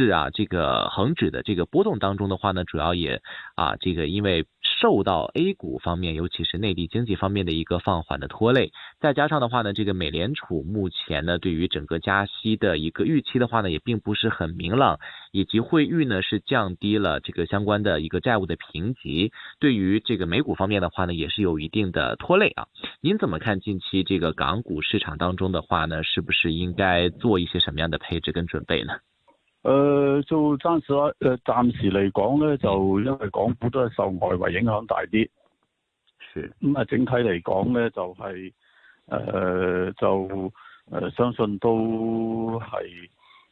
是啊，這個恒指的這個波動當中的話呢，主要也啊這個因為受到 A 股方面，尤其是內地經濟方面的一個放緩的拖累，再加上的話呢，這個美聯儲目前呢對於整個加息的一個預期的話呢也並不是很明朗，以及惠譽呢是降低了這個相關的一個債務的評級，對於這個美股方面的話呢也是有一定的拖累啊。您怎麼看近期這個港股市場當中的話呢，是不是應該做一些什麼樣的配置跟準備呢？誒做暫時，誒、呃、暫時嚟講咧，就因為港股都係受外圍影響大啲，咁啊，整體嚟講咧，就係、是、誒、呃、就誒、呃、相信都係誒、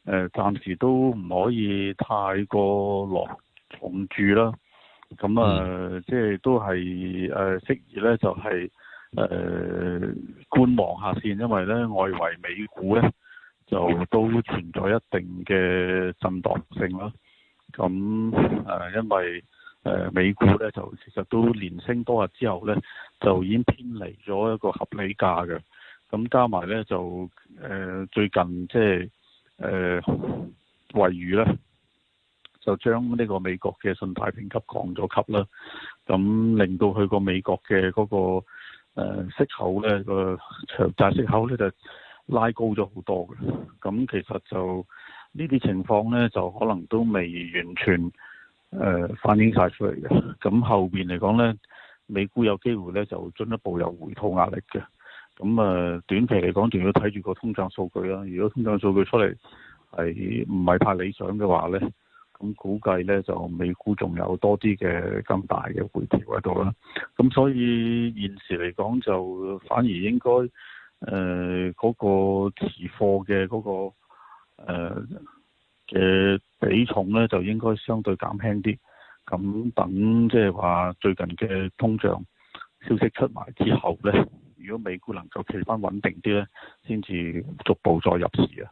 呃、暫時都唔可以太過落重注啦。咁啊，即、呃、係、就是、都係誒、呃、適宜咧，就係、是、誒、呃、觀望下先，因為咧外圍美股咧。就都存在一定嘅震盪性啦。咁、啊、因為、呃、美股咧就其實都連升多日之後咧，就已經偏離咗一個合理價嘅，咁加埋咧就、呃、最近即係誒惠譽咧就將呢個美國嘅信貸評級降咗級啦，咁令到佢個美國嘅嗰個、呃、息口咧個長債息口咧就。拉高咗好多嘅，咁其實就呢啲情況呢，就可能都未完全誒、呃、反映晒出嚟嘅。咁後邊嚟講呢，美股有機會呢，就進一步有回吐壓力嘅。咁啊、呃，短期嚟講，仲要睇住個通脹數據啦。如果通脹數據出嚟係唔係太理想嘅話呢，咁估計呢，就美股仲有多啲嘅咁大嘅回調喺度啦。咁所以現時嚟講，就反而應該。誒，嗰、呃那個持貨嘅嗰個誒嘅、呃、比重咧，就應該相對減輕啲。咁等即係話最近嘅通脹消息出埋之後咧，如果美股能夠企返穩定啲咧，先至逐步再入市啊。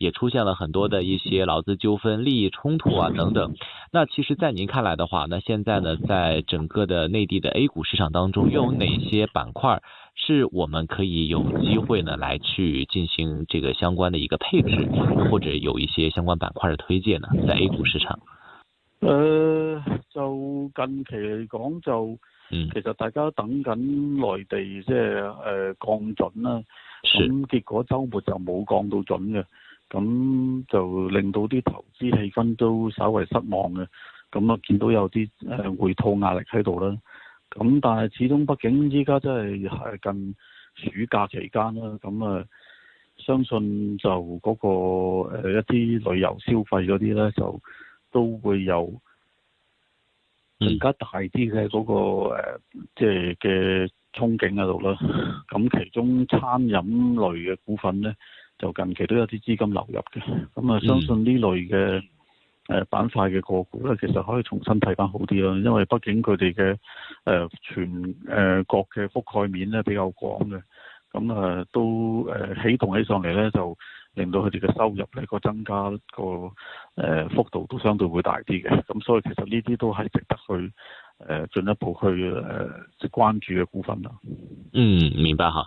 也出現了很多的一些勞資糾紛、利益衝突啊等等。那其實，在您看來的話，那現在呢，在整個的內地的 A 股市場當中，又有哪些板塊是我們可以有機會呢來去進行這個相關的一個配置，或者有一些相關板塊的推薦呢？在 A 股市場，呃，就近期嚟講就，嗯，其實大家等緊內地即係呃降準啦，是，結果周末就冇降到準嘅。咁就令到啲投資氣氛都稍為失望嘅，咁啊見到有啲回吐壓力喺度啦。咁但係始終畢竟依家真係近暑假期間啦，咁啊相信就嗰個一啲旅遊消費嗰啲咧，就都會有更加大啲嘅嗰個即係嘅憧憬喺度啦。咁其中餐飲類嘅股份咧，就近期都有啲資金流入嘅，咁、嗯、啊、嗯、相信呢類嘅誒板塊嘅個股咧，其實可以重新睇返好啲咯，因為畢竟佢哋嘅誒全誒國嘅覆蓋面咧比較廣嘅，咁、嗯、啊都誒、呃、起動起上嚟咧，就令到佢哋嘅收入呢個增加個誒、呃、幅度都相對會大啲嘅，咁、嗯、所以其實呢啲都係值得去誒、呃、進一步去誒即係關注嘅股份啦。嗯，明白嚇。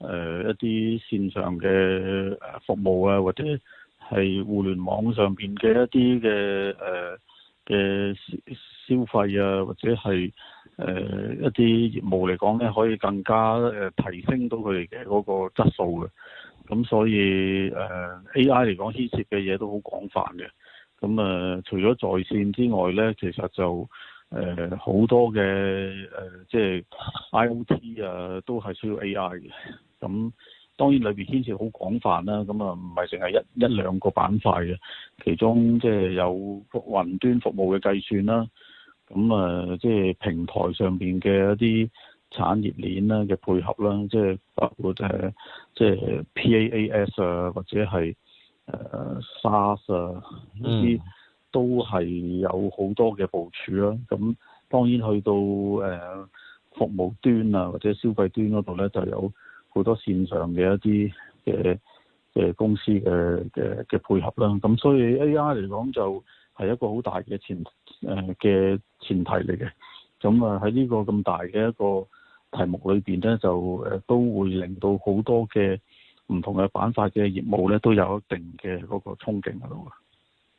誒、呃、一啲線上嘅誒服務啊，或者係互聯網上邊嘅一啲嘅誒嘅消消費啊，或者係誒、呃、一啲業務嚟講咧，可以更加誒提升到佢哋嘅嗰個質素嘅。咁所以誒、呃、A.I. 嚟講牽涉嘅嘢都好廣泛嘅。咁啊、呃，除咗在線之外咧，其實就誒好、呃、多嘅誒、呃、即係 I.O.T. 啊，都係需要 A.I. 嘅。咁當然裏邊牽涉好廣泛啦、啊，咁啊唔係淨係一一兩個板塊嘅、啊，其中即係有雲端服務嘅計算啦、啊，咁啊即係平台上邊嘅一啲產業鏈啦嘅配合啦、啊，即係包括即係即係 PaaS 啊，或者係誒 SaaS 啊呢啲、嗯、都係有好多嘅部署啦、啊。咁當然去到誒服務端啊或者消費端嗰度咧，就有。好多線上嘅一啲嘅嘅公司嘅嘅嘅配合啦，咁所以 AI 嚟講就係一個好大嘅前誒嘅前提嚟嘅，咁啊喺呢個咁大嘅一個題目裏邊咧，就誒都會令到好多嘅唔同嘅板塊嘅業務咧都有一定嘅嗰個憧憬喺度。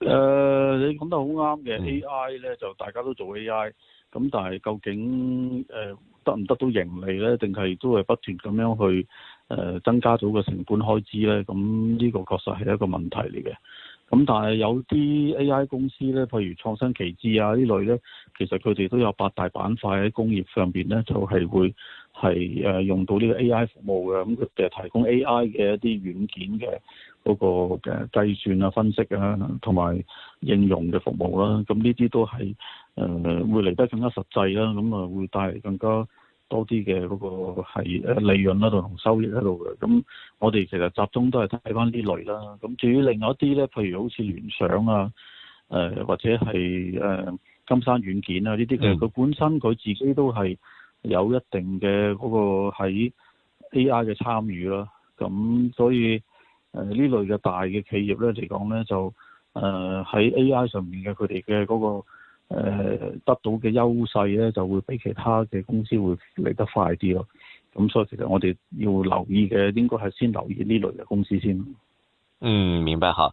誒、呃，你講得好啱嘅，AI 咧就大家都做 AI，咁但係究竟誒、呃、得唔得到盈利咧？定係都係不斷咁樣去誒、呃、增加咗個成本開支咧？咁呢個確實係一個問題嚟嘅。咁但係有啲 AI 公司咧，譬如創新奇智啊類呢類咧，其實佢哋都有八大板塊喺工業上邊咧，就係、是、會係誒用到呢個 AI 服務嘅。咁佢哋提供 AI 嘅一啲軟件嘅。嗰個嘅計算啊、分析啊，同埋應用嘅服務啦、啊，咁呢啲都係誒、呃、會嚟得更加實際啦、啊，咁啊會帶嚟更加多啲嘅嗰個係利潤啦同收益喺度嘅。咁我哋其實集中都係睇翻呢類啦、啊。咁至於另外一啲咧，譬如好似聯想啊，誒、呃、或者係誒、呃、金山軟件啊呢啲，佢佢、嗯、本身佢自己都係有一定嘅嗰個喺 A.I. 嘅參與啦、啊，咁所以，誒呢類嘅大嘅企業咧嚟講咧，就誒喺、呃、AI 上面嘅佢哋嘅嗰個、呃、得到嘅優勢咧，就會比其他嘅公司會嚟得快啲咯。咁所以其實我哋要留意嘅，應該係先留意呢類嘅公司先。嗯，明白哈。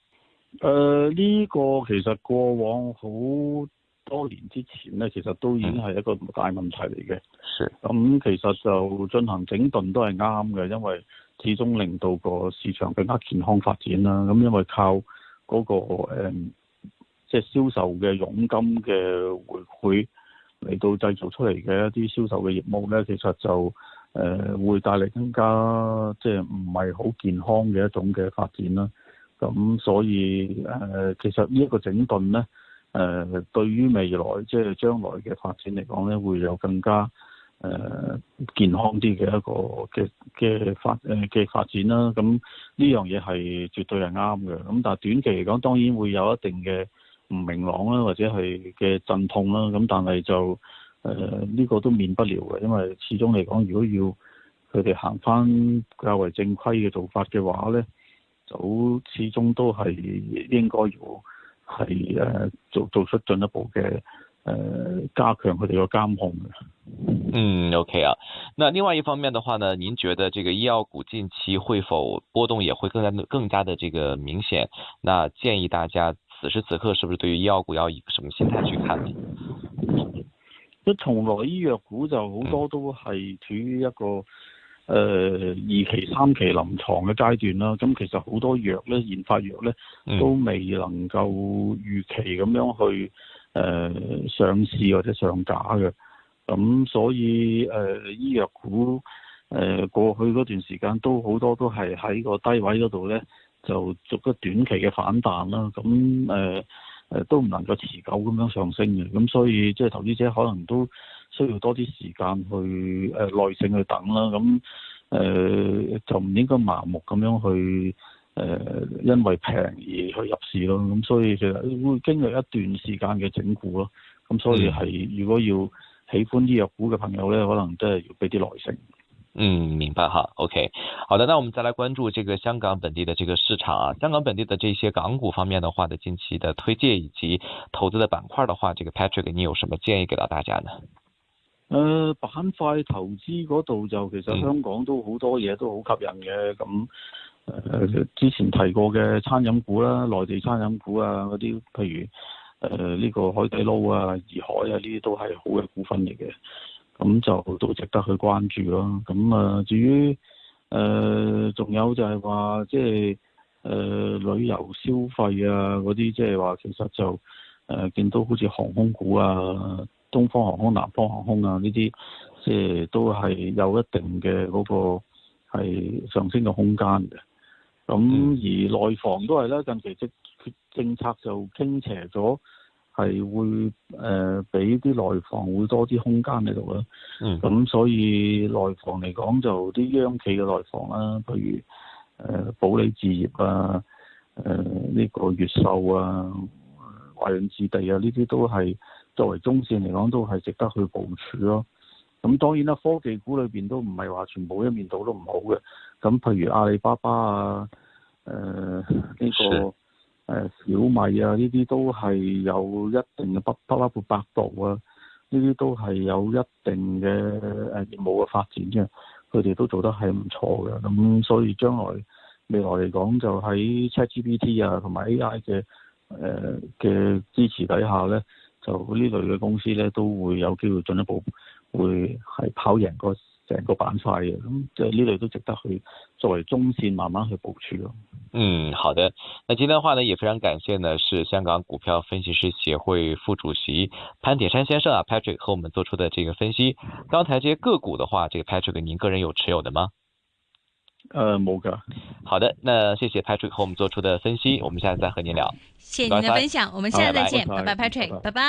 誒，呢、呃這個其實過往好多年之前呢，其實都已經係一個大問題嚟嘅。咁的、嗯、其實就進行整頓都係啱嘅，因為始終令到個市場更加健康發展啦。咁、嗯、因為靠嗰、那個誒，即係銷售嘅佣金嘅回饋嚟到製造出嚟嘅一啲銷售嘅業務呢，其實就誒、呃、會帶嚟更加即係唔係好健康嘅一種嘅發展啦。咁所以誒、呃，其實呢一個整頓咧，誒、呃、對於未來即係將來嘅發展嚟講咧，會有更加誒、呃、健康啲嘅一個嘅嘅發誒嘅、呃、發展啦。咁呢樣嘢係絕對係啱嘅。咁但係短期嚟講，當然會有一定嘅唔明朗啦，或者係嘅陣痛啦。咁但係就誒呢、呃這個都免不了嘅，因為始終嚟講，如果要佢哋行翻較為正規嘅做法嘅話咧。都始終都係應該要係誒做做出進一步嘅誒、呃、加強佢哋個監控。嗯，OK 啊。那另外一方面嘅話呢？您覺得這個醫藥股近期會否波動也會更加更加的這個明顯？那建議大家此時此刻是不是對於醫藥股要以什麼心態去看呢？一從來醫藥股就好多都係處於一個。嗯嗯誒、呃，二期、三期臨床嘅階段啦，咁其實好多藥咧，研發藥咧都未能夠預期咁樣去誒、呃、上市或者上架嘅，咁所以誒、呃、醫藥股誒、呃、過去嗰段時間都好多都係喺個低位嗰度咧，就做咗短期嘅反彈啦，咁誒。呃誒都唔能夠持久咁樣上升嘅，咁所以即係投資者可能都需要多啲時間去誒、呃、耐性去等啦，咁誒、呃、就唔應該盲目咁樣去誒、呃、因為平而去入市咯，咁所以其實會經歷一段時間嘅整固咯，咁所以係如果要喜歡啲藥股嘅朋友咧，可能真係要俾啲耐性。嗯，明白哈，OK，好的，那我們再來關注這個香港本地的這個市場啊，香港本地的這些港股方面的話的近期的推介以及投資的板塊的話，這個 Patrick 你有什麼建議給到大家呢？誒、呃，板塊投資嗰度就其實香港都好多嘢都好吸引嘅，咁誒、嗯呃、之前提過嘅餐飲股啦，內地餐飲股啊嗰啲，譬如誒呢、呃這個海底撈啊、頤海啊呢啲都係好嘅股份嚟嘅。咁就都值得去關注咯。咁啊，至於誒仲、呃、有就係話，即係誒旅遊消費啊，嗰啲即係話其實就誒、呃、見到好似航空股啊，東方航空、南方航空啊呢啲，即係都係有一定嘅嗰個係上升嘅空間嘅。咁而內房都係咧，近期即係政策就傾斜咗。係會誒俾啲內房會多啲空間喺度啦，咁、嗯、所以內房嚟講就啲央企嘅內房啦、啊，譬如誒、呃、保利置業啊，誒、呃、呢、這個越秀啊，華潤置地啊，呢啲都係作為中線嚟講都係值得去部署咯、啊。咁當然啦、啊，科技股裏邊都唔係話全部一面倒都唔好嘅，咁譬如阿里巴巴啊，誒、呃、呢、這個。誒小米啊，呢啲都係有一定嘅，不不，包括百度啊，呢啲都係有一定嘅誒業務嘅發展嘅，佢哋都做得係唔錯嘅，咁所以將來未來嚟講、啊呃，就喺 ChatGPT 啊同埋 AI 嘅誒嘅支持底下咧，就呢類嘅公司咧都會有機會進一步會係跑贏整個成個板塊嘅，咁即係呢類都值得去作為中線慢慢去部署。嗯，好的。那今天的話呢，也非常感謝呢，是香港股票分析師協會副主席潘鐵珊先生啊 Patrick 和我們做出的這個分析。剛才這些個股的話，這個 Patrick 您個人有持有的嗎？呃，冇噶。好的，那謝謝 Patrick 和我們做出的分析。我們下次再和您聊。謝謝您的分享，拜拜，我們下次再見，拜拜，Patrick，拜拜。